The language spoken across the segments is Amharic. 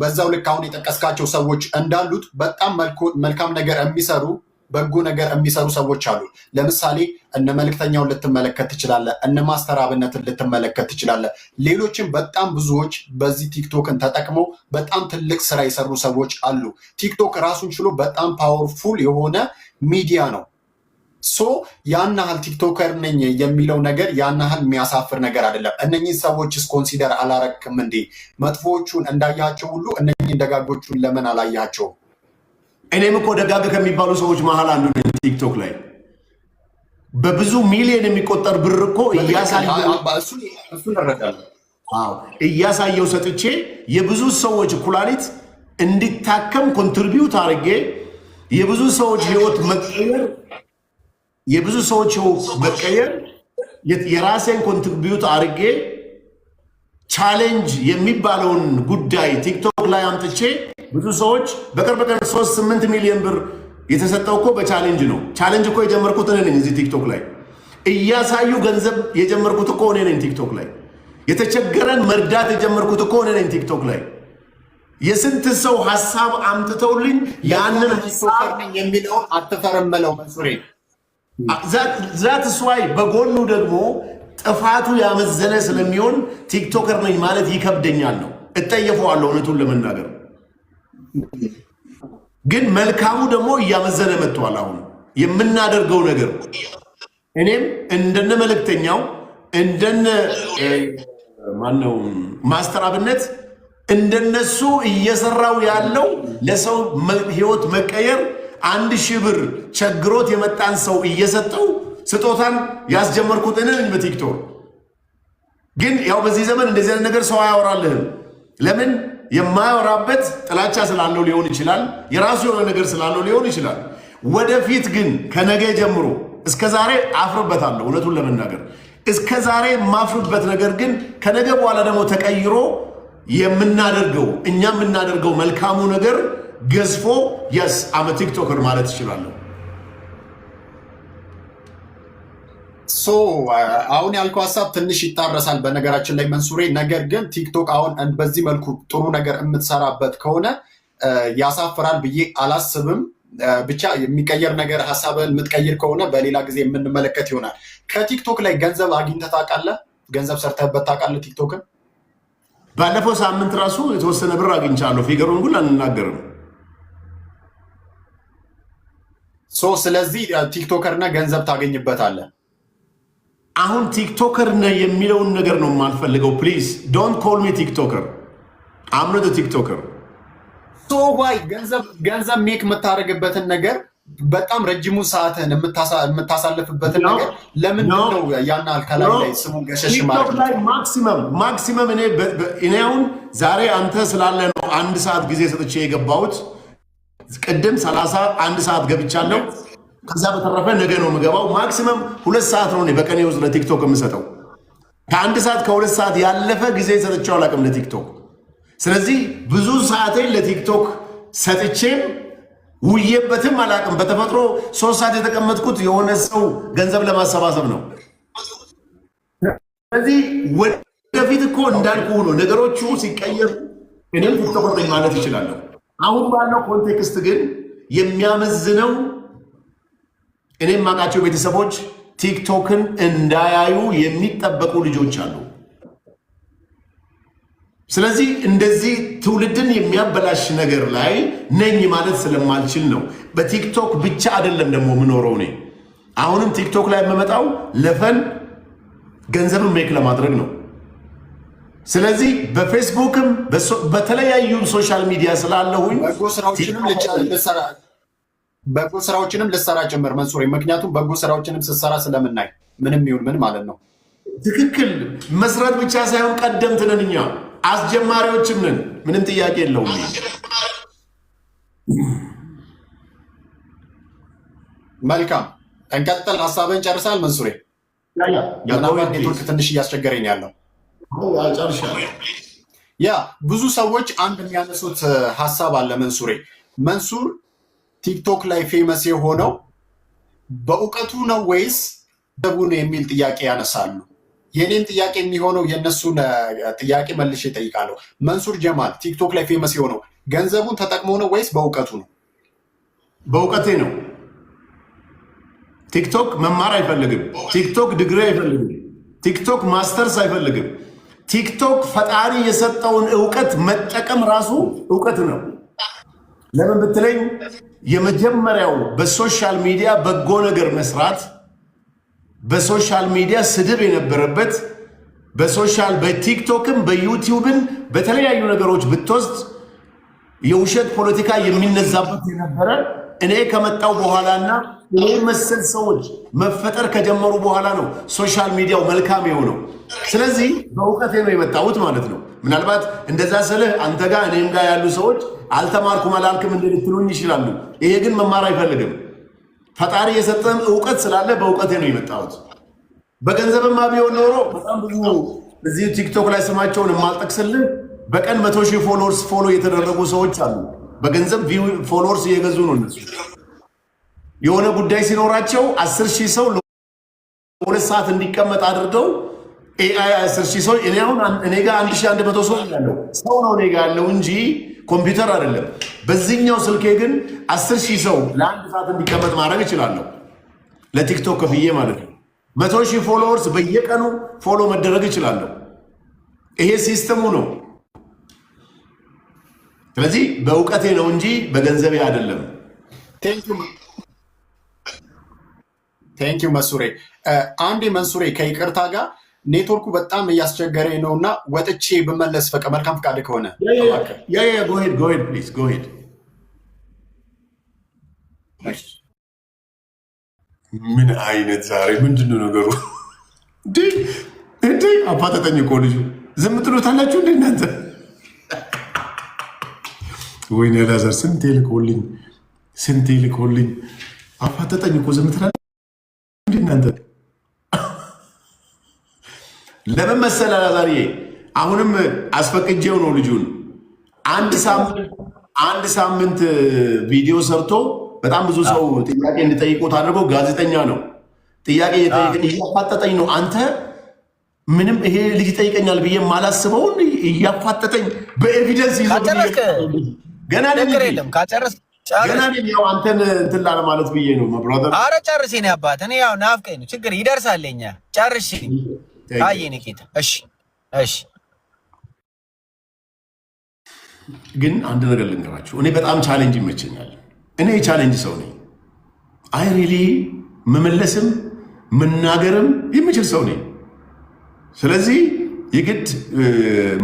በዛው ልክ አሁን የጠቀስካቸው ሰዎች እንዳሉት በጣም መልካም ነገር የሚሰሩ በጎ ነገር የሚሰሩ ሰዎች አሉ። ለምሳሌ እነ መልእክተኛውን ልትመለከት ትችላለ። እነ ማስተራብነትን ልትመለከት ትችላለ። ሌሎችም በጣም ብዙዎች በዚህ ቲክቶክን ተጠቅመው በጣም ትልቅ ስራ የሰሩ ሰዎች አሉ። ቲክቶክ ራሱን ችሎ በጣም ፓወርፉል የሆነ ሚዲያ ነው። ሶ ያን ያህል ቲክቶከር ነኝ የሚለው ነገር ያን ያህል የሚያሳፍር ነገር አይደለም። እነኚህ ሰዎችስ ኮንሲደር አላረክም እንዴ? መጥፎዎቹን እንዳያቸው ሁሉ እነኚህን ደጋጎቹን ለምን አላያቸው? እኔም እኮ ደጋግ ከሚባሉ ሰዎች መሀል አንዱ ነኝ። ቲክቶክ ላይ በብዙ ሚሊዮን የሚቆጠር ብር እኮ እያሳየው ሰጥቼ የብዙ ሰዎች ኩላሊት እንዲታከም ኮንትሪቢዩት አድርጌ የብዙ ሰዎች ህይወት መቀየር የብዙ ሰዎች መቀየር የራሴን ኮንትሪቢዩት አድርጌ ቻሌንጅ የሚባለውን ጉዳይ ቲክቶክ ላይ አምጥቼ ብዙ ሰዎች በቅርብ ቀን ሶስት ስምንት ሚሊዮን ብር የተሰጠው እኮ በቻሌንጅ ነው። ቻሌንጅ እኮ የጀመርኩት እኔ ነኝ። እዚህ ቲክቶክ ላይ እያሳዩ ገንዘብ የጀመርኩት እኮ እኔ ነኝ። ቲክቶክ ላይ የተቸገረን መርዳት የጀመርኩት እኮ እኔ ነኝ። ቲክቶክ ላይ የስንት ሰው ሀሳብ አምጥተውልኝ ያንን ሀሳብ የሚለውን አትፈረመለው መሱሬ ዛት ስዋይ በጎኑ ደግሞ ጥፋቱ ያመዘነ ስለሚሆን ቲክቶከር ነኝ ማለት ይከብደኛል ነው እጠየፈዋለሁ። እውነቱን ለመናገር ግን መልካሙ ደግሞ እያመዘነ መጥቷል። አሁን የምናደርገው ነገር እኔም እንደነ መልእክተኛው እንደነ ማነው ማስተራብነት እንደነሱ እየሰራው ያለው ለሰው ህይወት መቀየር አንድ ሺህ ብር ቸግሮት የመጣን ሰው እየሰጠው ስጦታን ያስጀመርኩት እንልኝ በቲክቶክ ግን ያው በዚህ ዘመን እንደዚህ አይነት ነገር ሰው አያወራልህም። ለምን የማያወራበት ጥላቻ ስላለው ሊሆን ይችላል። የራሱ የሆነ ነገር ስላለው ሊሆን ይችላል። ወደፊት ግን ከነገ ጀምሮ እስከ ዛሬ አፍርበታለሁ። እውነቱን ለመናገር እስከ ዛሬ የማፍርበት ነገር ግን ከነገ በኋላ ደግሞ ተቀይሮ የምናደርገው እኛ የምናደርገው መልካሙ ነገር ገዝፎ የስ አመ ቲክቶክን ማለት ይችላለሁ። ሶ አሁን ያልከው ሀሳብ ትንሽ ይታረሳል በነገራችን ላይ መንሱሬ። ነገር ግን ቲክቶክ አሁን በዚህ መልኩ ጥሩ ነገር የምትሰራበት ከሆነ ያሳፍራል ብዬ አላስብም። ብቻ የሚቀየር ነገር ሀሳብን የምትቀይር ከሆነ በሌላ ጊዜ የምንመለከት ይሆናል። ከቲክቶክ ላይ ገንዘብ አግኝተህ ታውቃለህ? ገንዘብ ሰርተህበት ታውቃለህ ቲክቶክን? ባለፈው ሳምንት ራሱ የተወሰነ ብር አግኝቻለሁ። ፊገሩን ሁሉ አንናገርም። ሶ ስለዚህ ቲክቶከር ገንዘብ ታገኝበታለህ። አሁን ቲክቶከር ነህ የሚለውን ነገር ነው የማልፈልገው። ፕሊዝ ዶንት ኮል ሚ ቲክቶከር አምነት ቲክቶከር ሶ ዋይ ገንዘብ ሜክ የምታደርግበትን ነገር በጣም ረጅሙ ሰዓትህን የምታሳልፍበትን ነገር ለምንድን ነው ያን ላይ ስሙን ገሸሽ ማለት ማክሲመም ማክሲመም እኔ አሁን ዛሬ አንተ ስላለ ነው አንድ ሰዓት ጊዜ ሰጥቼ የገባሁት ቅድም ሰላሳ አንድ ሰዓት ገብቻለሁ። ከዛ በተረፈ ነገ ነው የምገባው። ማክሲመም ሁለት ሰዓት ነው በቀኔ ውስጥ ለቲክቶክ የምሰጠው። ከአንድ ሰዓት ከሁለት ሰዓት ያለፈ ጊዜ ሰጥቼው አላውቅም ለቲክቶክ። ስለዚህ ብዙ ሰዓቴን ለቲክቶክ ሰጥቼም ውዬበትም አላውቅም። በተፈጥሮ ሶስት ሰዓት የተቀመጥኩት የሆነ ሰው ገንዘብ ለማሰባሰብ ነው። ስለዚህ ወደፊት እኮ እንዳልኩ ሆኖ ነገሮቹ ሲቀየሩ እኔም ቲክቶክ ማለት ይችላለሁ። አሁን ባለው ኮንቴክስት ግን የሚያመዝነው እኔም ማውቃቸው ቤተሰቦች ቲክቶክን እንዳያዩ የሚጠበቁ ልጆች አሉ። ስለዚህ እንደዚህ ትውልድን የሚያበላሽ ነገር ላይ ነኝ ማለት ስለማልችል ነው። በቲክቶክ ብቻ አይደለም ደግሞ የምኖረው እኔ። አሁንም ቲክቶክ ላይ የምመጣው ለፈን ገንዘብን ሜክ ለማድረግ ነው። ስለዚህ በፌስቡክም በተለያዩ ሶሻል ሚዲያ ስላለሁኝ በጎ ስራዎችንም ልሰራ ጭምር መንሱር፣ ምክንያቱም በጎ ስራዎችንም ስትሰራ ስለምናይ ምንም ይሁን ምን ማለት ነው። ትክክል መስራት ብቻ ሳይሆን ቀደምት ነን እኛ አስጀማሪዎችም ነን። ምንም ጥያቄ የለውም። መልካም እንቀጥል። ሀሳብን ጨርሳል መንሱሬ። ኔትወርክ ትንሽ እያስቸገረኝ ያለው ያ ብዙ ሰዎች አንድ የሚያነሱት ሀሳብ አለ። መንሱሬ መንሱር ቲክቶክ ላይ ፌመስ የሆነው በእውቀቱ ነው ወይስ ደቡብ ነው የሚል ጥያቄ ያነሳሉ። የኔን ጥያቄ የሚሆነው የእነሱን ጥያቄ መልሼ እጠይቃለሁ። መንሱር ጀማል ቲክቶክ ላይ ፌመስ የሆነው ገንዘቡን ተጠቅሞ ነው ወይስ በእውቀቱ ነው? በእውቀቴ ነው። ቲክቶክ መማር አይፈልግም። ቲክቶክ ድግሪ አይፈልግም። ቲክቶክ ማስተርስ አይፈልግም። ቲክቶክ ፈጣሪ የሰጠውን እውቀት መጠቀም ራሱ እውቀት ነው። ለምን ብትለኝ የመጀመሪያው በሶሻል ሚዲያ በጎ ነገር መስራት፣ በሶሻል ሚዲያ ስድብ የነበረበት በሶሻል በቲክቶክም በዩቲዩብም በተለያዩ ነገሮች ብትወስድ የውሸት ፖለቲካ የሚነዛበት የነበረ እኔ ከመጣው በኋላና ይህ መሰል ሰዎች መፈጠር ከጀመሩ በኋላ ነው ሶሻል ሚዲያው መልካም የሆነው። ስለዚህ በእውቀቴ ነው የመጣሁት ማለት ነው። ምናልባት እንደዛ ስልህ አንተ ጋር እኔም ጋር ያሉ ሰዎች አልተማርኩም አላልክም እንደ ይችላሉ። ይሄ ግን መማር አይፈልግም። ፈጣሪ የሰጠን እውቀት ስላለ በእውቀቴ ነው የመጣሁት። በገንዘብማ ቢሆን ኖሮ በጣም ብዙ እዚህ ቲክቶክ ላይ ስማቸውን የማልጠቅስልህ በቀን መቶ ሺህ ፎሎወርስ ፎሎ የተደረጉ ሰዎች አሉ። በገንዘብ ፎሎወርስ እየገዙ ነው እነሱ የሆነ ጉዳይ ሲኖራቸው አስር ሺህ ሰው ሁለት ሰዓት እንዲቀመጥ አድርገው አስር ሺህ ሰው እኔ አሁን እኔ ጋር አንድ ሺህ አንድ መቶ ሰው ያለው ሰው ነው እኔ ጋር ያለው እንጂ ኮምፒውተር አይደለም። በዚህኛው ስልኬ ግን አስር ሺህ ሰው ለአንድ ሰዓት እንዲቀመጥ ማድረግ እችላለሁ። ለቲክቶክ ከፍዬ ማለት ነው። መቶ ሺህ ፎሎወርስ በየቀኑ ፎሎ መደረግ እችላለሁ። ይሄ ሲስተሙ ነው። ስለዚህ በእውቀቴ ነው እንጂ በገንዘቤ አይደለም። ቴንኪው መንሱሬ። uh, አንዴ መንሱሬ ከይቅርታ ጋር ኔትወርኩ በጣም እያስቸገረ ነው እና ወጥቼ ብመለስ ፈቀ መልካም ፈቃድ ከሆነ ምን አይነት ዛሬ ምንድነው ነገሩ? እንዴ አፋጠጠኝ እኮ ልጅ ዝም ትሎታላችሁ እንዴ እናንተ። ወይኔ ላዘር ስንቴ ልኮልኝ ስንቴ ልኮልኝ አፋጠጠኝ እኮ ዝም ትላለህ። እናንተ ለምን መሰለህ አላዛርዬ፣ አሁንም አስፈቅጄው ነው ልጁን አንድ ሳምንት አንድ ሳምንት ቪዲዮ ሰርቶ በጣም ብዙ ሰው ጥያቄ እንድጠይቁት አድርገው። ጋዜጠኛ ነው፣ ጥያቄ እያፋጠጠኝ ነው። አንተ ምንም ይሄ ልጅ ይጠይቀኛል ብዬ ማላስበውን እያፋጠጠኝ በኤቪደንስ ይዘ ገና ያው አንተን እንትን ላለማለት ብዬ ነው። አረ ጨርሼ ነው አባት። እኔ ያው ናፍቀኝ ነው ችግር ይደርሳለኛ። ጨርሼ አይ እኔ እሺ እሺ። ግን አንድ ነገር ልንገራችሁ። እኔ በጣም ቻሌንጅ ይመቸኛል። እኔ የቻሌንጅ ሰው ነኝ። አይ ሪሊ መመለስም መናገርም የምችል ሰው ነኝ። ስለዚህ የግድ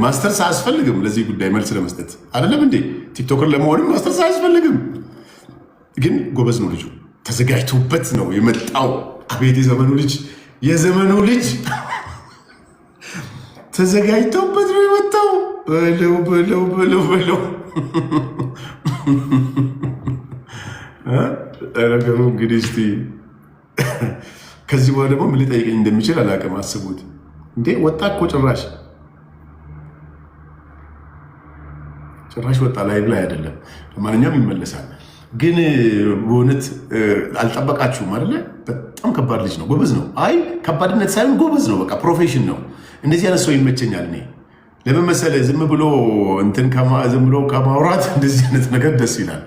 ማስተርስ አያስፈልግም። ለዚህ ጉዳይ መልስ ለመስጠት አይደለም እንዴ? ቲክቶክር ለመሆንም ማስተርስ አያስፈልግም። ግን ጎበዝ ነው ልጁ፣ ተዘጋጅቶበት ነው የመጣው። አቤት የዘመኑ ልጅ የዘመኑ ልጅ ተዘጋጅተውበት ነው የመጣው። በለው በለው በለው በለው። ነገሩ እንግዲህ እስኪ ከዚህ በኋላ ደግሞ ምን ሊጠይቀኝ እንደሚችል አላውቅም። አስቡት። እንዴ ወጣ እኮ ጭራሽ ጭራሽ ወጣ ላይ ላይ አይደለም። ለማንኛውም ይመለሳል። ግን በእውነት አልጠበቃችሁም አይደለ? በጣም ከባድ ልጅ ነው። ጎበዝ ነው። አይ ከባድነት ሳይሆን ጎበዝ ነው። በቃ ፕሮፌሽን ነው። እንደዚህ አይነት ሰው ይመቸኛል። እኔ ለምን ዝም ብሎ እንትን ዝም ብሎ ከማውራት እንደዚህ አይነት ነገር ደስ ይላል።